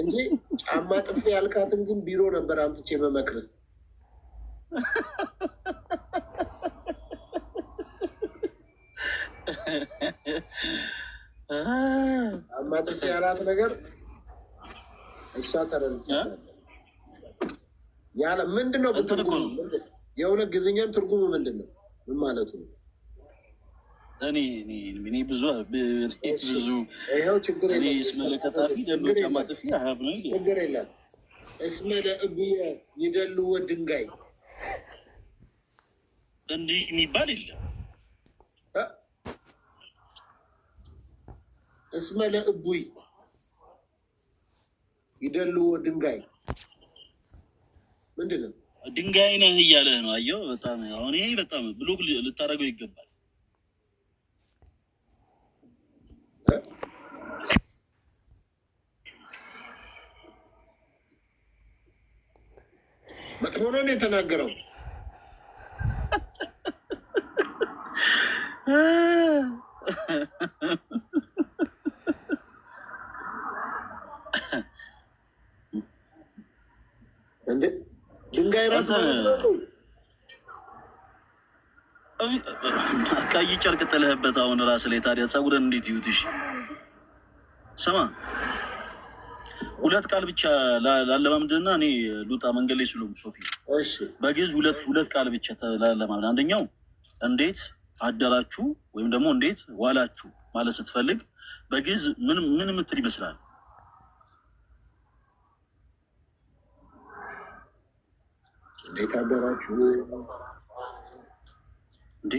እንጂ ጫማ ጥፍ ያልካትን ግን ቢሮ ነበር አምጥቼ መመክር ጫማ ጥፍ ያላት ነገር እሷ ተረድቻለሁ። ያለ ምንድን ነው ብትርጉሙ የእውነት ግዝኛን ትርጉሙ ምንድን ነው? ምን ማለቱ ነው? እኔ ብዙ ብዙ ይኸው ችግር ችግር የለም። እስመ ለእብየ ይደልዎ ድንጋይ እንዲህ የሚባል የለም። እስመ ለእቡይ ይደልዎ ድንጋይ ምንድን ነው? ድንጋይ ነህ እያለህ ነው። አየው በጣም አሁን ይሄ በጣም ብሎክ ልታደርገው ይገባል። ሆኖ ነው የተናገረው። ድንጋይ ራስ ቀይ ጨርቅ ጥለህበት አሁን ራስ ላይ ታዲያ ጸጉረን እንዴት ይዩትሽ? ስማ ሁለት ቃል ብቻ ላለማምድና እኔ ሉጣ መንገድ ላይ ስሉ ሶፊ በግዕዝ ሁለት ሁለት ቃል ብቻ ላለማምድ፣ አንደኛው እንዴት አደራችሁ ወይም ደግሞ እንዴት ዋላችሁ ማለት ስትፈልግ በግዕዝ ምን ምን ምትል ይመስላል? እንዴት አደራችሁ እንዴ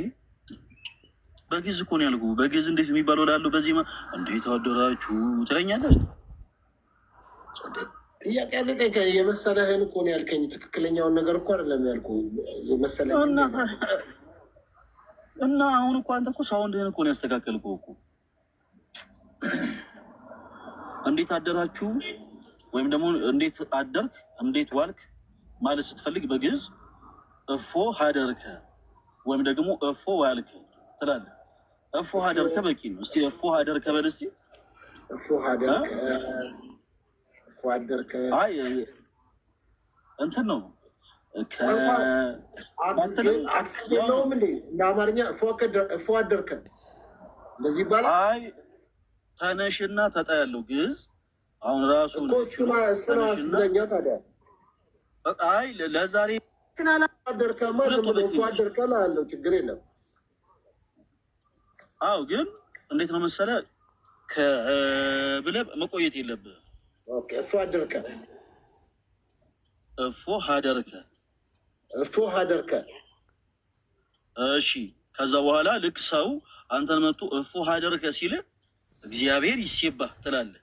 በግዕዝ እኮ ነው ያልኩህ። በግዕዝ እንዴት የሚባለው ላሉ በዚህ እንዴት አደራችሁ ትለኛለህ። ጥያቄ ያለ ጠይቀህ የመሰለህን እኮ ነው ያልከኝ። ትክክለኛውን ነገር እኮ አይደለም ያልኩህ። የመሰለህን እና አሁን እኮ አንተ እኮ ሳውንድህን እኮ ነው ያስተካከልኩህ እኮ። እንዴት አደራችሁ ወይም ደግሞ እንዴት አደርክ፣ እንዴት ዋልክ ማለት ስትፈልግ በግዕዝ እፎ ሀደርከ ወይም ደግሞ እፎ ዋልክ ትላለህ። እፎ ሀደርከ በቂ ነው። እስኪ እፎ ሀደርከ በል እስኪ እፎ ሀደርከ ፏደር እንትን ነው አክሰንት የለውም እንዴ? እንደ አማርኛ ፏደርከ እንደዚህ ይባላል። አይ ተነሽና ተጣ ያለው ግዕዝ አሁን ራሱ ስለኛ ታዲያ አይ ለዛሬ ፏደርከማ ፏደርከ ላለው ችግር የለም። አዎ ግን እንዴት ነው መሰለህ ከብለህ መቆየት የለብህ እፎ አደርከ እፎ ሀደርከ እፎ ሀደርከ። እሺ ከዛ በኋላ ልክ ሰው አንተን መጥቶ እፎ ሀደርከ ሲል እግዚአብሔር ይሴባህ ትላለህ።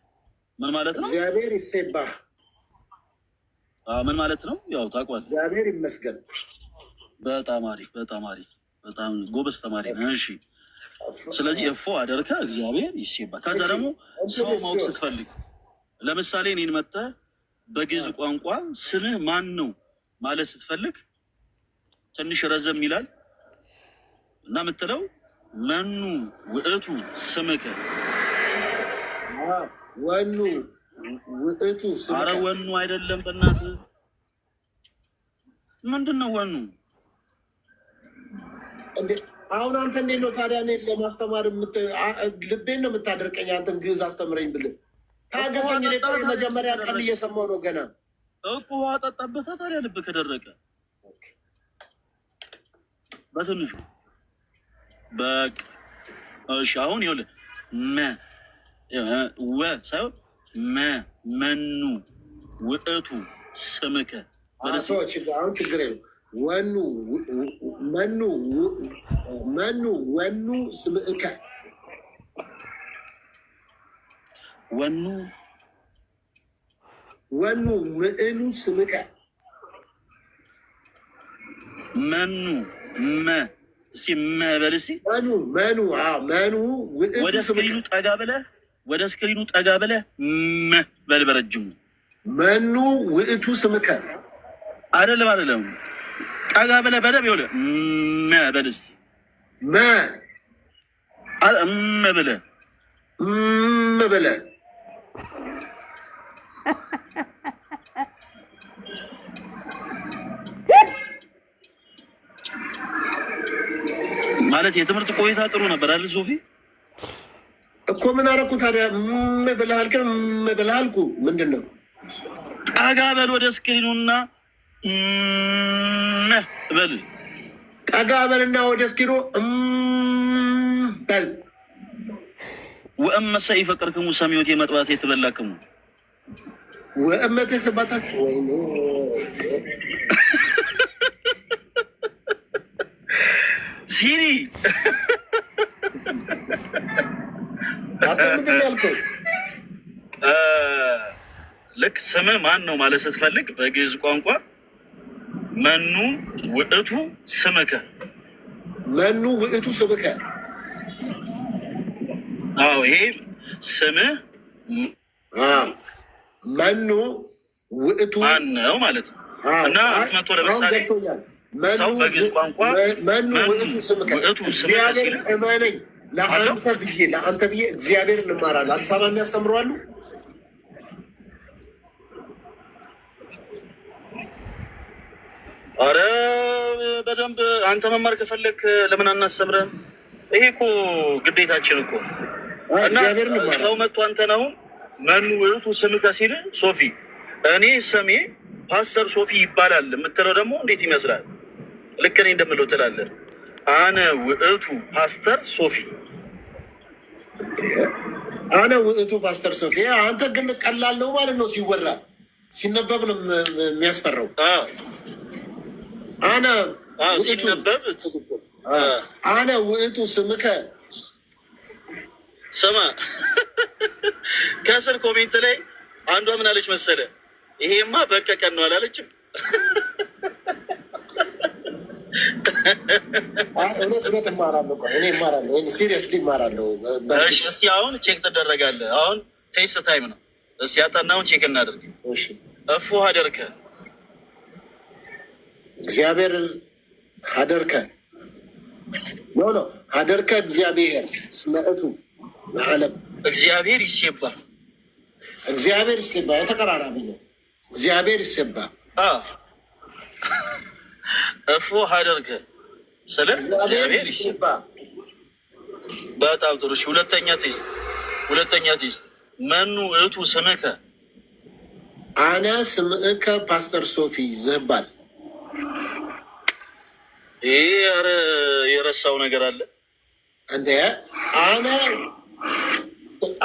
ምን ማለት ነው? እግዚአብሔር ይሴባህ ምን ማለት ነው? ያው ታውቋል። እግዚአብሔር ይመስገን። በጣም አሪፍ፣ በጣም አሪፍ፣ በጣም ጎበዝ ተማሪ እሺ ስለዚህ እፎ አደርከ እግዚአብሔር ይሴባህ። ከዛ ደግሞ ሰው ማወቅ ስትፈልግ ለምሳሌ እኔን መጥተህ በግዕዝ ቋንቋ ስምህ ማን ነው ማለት ስትፈልግ ትንሽ ረዘም ይላል እና የምትለው መኑ ውእቱ ስምከ ወኑ ውእቱ ስምከ። አረ ወኑ አይደለም፣ በእናትህ ምንድን ነው ወኑ? አሁን አንተ እንዴት ነው ታዲያ እኔን ለማስተማር ልቤን ነው የምታደርቀኝ? አንተን ግዕዝ አስተምረኝ ብልህ ታገሰኝ። መጀመሪያ ቀን እየሰማሁ ነው ገና እኮ ውሃ ጠጣበታ። ታዲያ ልብ ከደረቀ በትንሹ በቃ እሺ። አሁን ይኸውልህ መ ወ ሳይሆን መ መኑ ውእቱ ስምከ አሁን ችግር የለውም። ወኑ መኑ መኑ ወኑ ስምእከ ወኑ ወኑ ምዕሉ ስምከ መኑ መ እስኪ መበል እስኪ መኑ መኑ መኑ ወደ እስክሪኑ ጠጋ ብለህ ወደ እስክሪኑ ጠጋ ብለህ መ በል በረጅሙ መኑ ውእቱ ስምከ አይደለም አይደለም ጠጋ ብለህ በደብ ይሆነ መ በል እስኪ መ መ ብለህ መ ብለህ ማለት የትምህርት ቆይታ ጥሩ ነበር አይደል? ሶፊ እኮ ምን አደረኩ ታዲያ? ምብልሃል ቀን ምብልሃልኩ ምንድን ነው? ጠጋ በል ወደ እስክሪኑና በል ጠጋ በልና ወደ እስክሪኑ በል ወእመ ሰኢፈቅርክሙ ሰሚዮት የመጥባት የተበላክሙ ወእመ ተሰባታ ሲኒ ልክ ስም ማን ነው ማለት ስትፈልግ በግዕዝ ቋንቋ መኑ ውዕቱ ስምከ መኑ ውዕቱ ስምከ አዎ ይሄ ስምህ መኑ ውእቱ ማን ነው ማለት ነው። እና አትመቶ ለምሳሌ ሰው በግዕዝ ቋንቋ መኑ ውእቱ ስምከ እመነኝ ለአንተ ብዬ ለአንተ ብዬ እግዚአብሔር እንማራለን። አዲስ አበባ የሚያስተምረዋሉ አረ በደንብ አንተ መማር ከፈለክ ለምን አናስተምረን? ይሄ እኮ ግዴታችን እኮ ሰው መጥቶ አንተን አሁን መኑ ውእቱ ስምከ ሲል ሶፊ እኔ ስሜ ፓስተር ሶፊ ይባላል የምትለው ደግሞ እንዴት ይመስላል? ልክ እኔ እንደምለው ትላለህ። አነ ውእቱ ፓስተር ሶፊ አነ ውእቱ ፓስተር ሶፊ። አንተ ግን ቀላል ነው ማለት ነው። ሲወራ ሲነበብ ነው የሚያስፈራው። አነ ሲነበብ አነ ውእቱ ስምከ ስማ ከስር ኮሜንት ላይ አንዷ ምን አለች መሰለ፣ ይሄማ በቀቀን ነው አላለችም። እውነት እውነት እማራለሁ እኔ እማራለሁ ወይ ሲሪየስሊ እማራለሁ። እስኪ አሁን ቼክ ትደረጋለህ። አሁን ቴስት ታይም ነው። እስኪ ያጠናውን ቼክ እናደርግ። እፉ ሀደርከ እግዚአብሔር ሀደርከ ኖ ኖ ሀደርከ እግዚአብሔር ስመእቱ ለዓለም እግዚአብሔር ይሴባ እግዚአብሔር ይሴባ የተቀራራቢ ነው። እግዚአብሔር ይሴባ እፎ አደርገ ስለ እግዚአብሔር ይሴባ። በጣም ጥሩ። ሁለተኛ ቴስት ሁለተኛ ቴስት መኑ እቱ ስምከ አነ ስምእከ ፓስተር ሶፊ ዘባል። ይህ የረሳው ነገር አለ እንደ አነ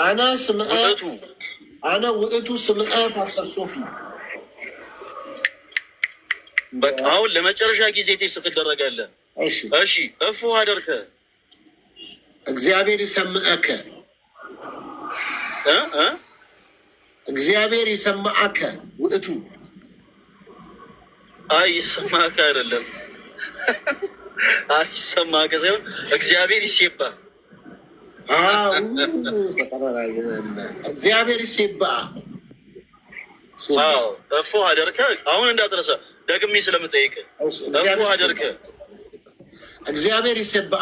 አነ ስምዐ አነ ውእቱ ስምዐ ፓስተር ሶፊ በቃ አሁን ለመጨረሻ ጊዜ ቴስት ትደረጋለህ። እሺ እፉ አደርከ እግዚአብሔር ይሰምዐከ እግዚአብሔር ይሰምዐከ ውእቱ አይ ይሰማከ አይደለም፣ አይ ይሰማከ ሳይሆን እግዚአብሔር ይሴባ እግዚአብሔር ሲባ እፎ አደርከ። አሁን እንዳትረሳ ደግሜ ስለምጠይቅ እፎ አደርከ። እግዚአብሔር ይሴባ